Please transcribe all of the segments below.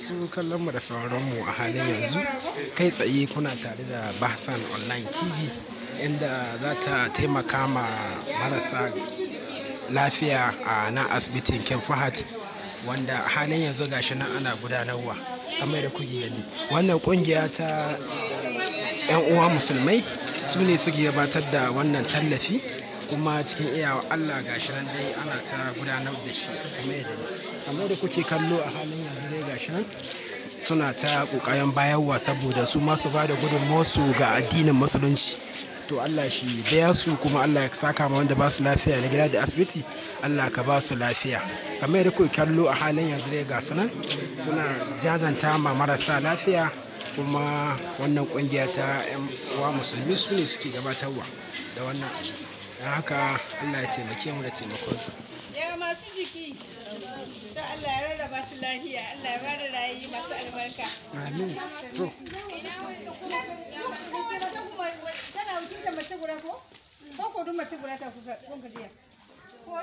masu kallon mu da sauran mu a halin yanzu kai tsaye kuna tare da Bahsan Online TV inda za ta taimaka ma marasa lafiya a nan asibitin Ken Fahad wanda halin yanzu gashi nan ana gudanarwa kamar da kuke gani wannan kungiya ta 'yan uwa musulmai su ne suke gabatar da wannan tallafi kuma cikin iyawa Allah gashi nan dai ana ta gudanar da shi kamar yadda kamar da kuke kallo a halin yanzu dai gashi nan suna ta kokarin bayarwa saboda su masu ba da su ga addinin musulunci to Allah shi daya su kuma Allah ya saka ma wanda ba su lafiya na gida da asibiti Allah ka ba su lafiya kamar yadda kuke kallo a halin yanzu dai ga sunan suna jazanta ma marasa lafiya kuma wannan kungiya ta wa musulmi su ne suke gabatarwa da wannan haka Allah ya taimake mu da taimakonsa ya masu jiki da Allah ya rarraba su lahiya Allah ya ba da rayi masu albarka amin to tana da mace guda ko ko ko duk mace guda ta ga ko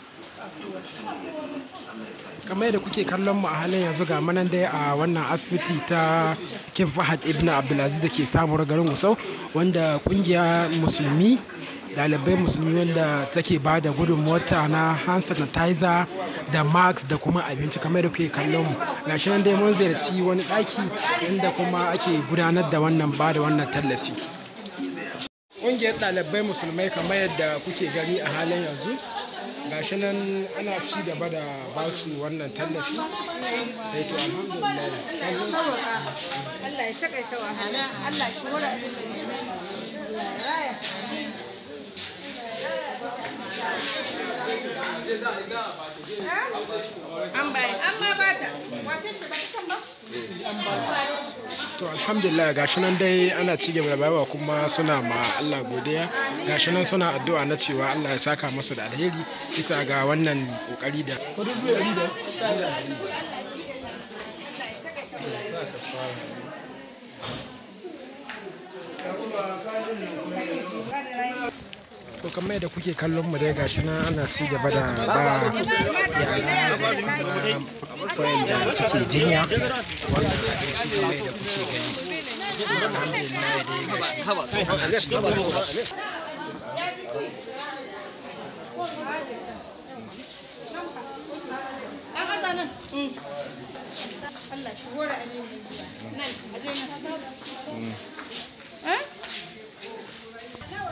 kamar yadda kuke kallon mu a halin yanzu ga manan dai a wannan asibiti ta kin fahad ibn abdulaziz da ke samun garin gusau wanda kungiya musulmi dalibai musulmi wanda take ba da gudun mota na hand sanitizer da max da kuma abinci kamar da kuke kallon mu gashi nan dai mun ziyarci wani ɗaki inda kuma ake gudanar da wannan ba da wannan tallafi ƙungiyar ɗalibai musulmai kamar yadda kuke gani a halin yanzu gashi nan ana ci gaba da ba su wannan tallafi sai eh, to alhamdulillah sabon Allah ya takaita wahala Allah shi wura abin da ya raya to alhamdulillah gashi nan dai ana ci gaba da bayawa kuma suna ma Allah godiya gashi nan suna addu'a na cewa Allah ya saka masu da alheri bisa ga wannan kokari da Thank you. to kamar da kuke kallon mu dai gashi nan ana ci gaba da ba da suke jinya wanda shi ne da kuke gani alhamdulillah dai gashi ana da a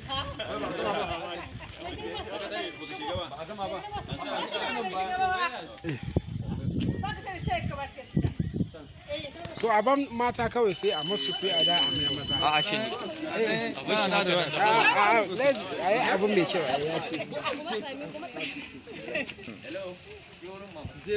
to a ban mata kawai sai a masu sai a da a mai maza a shi abin da a yi abin mai kyau a eh, yi ya ce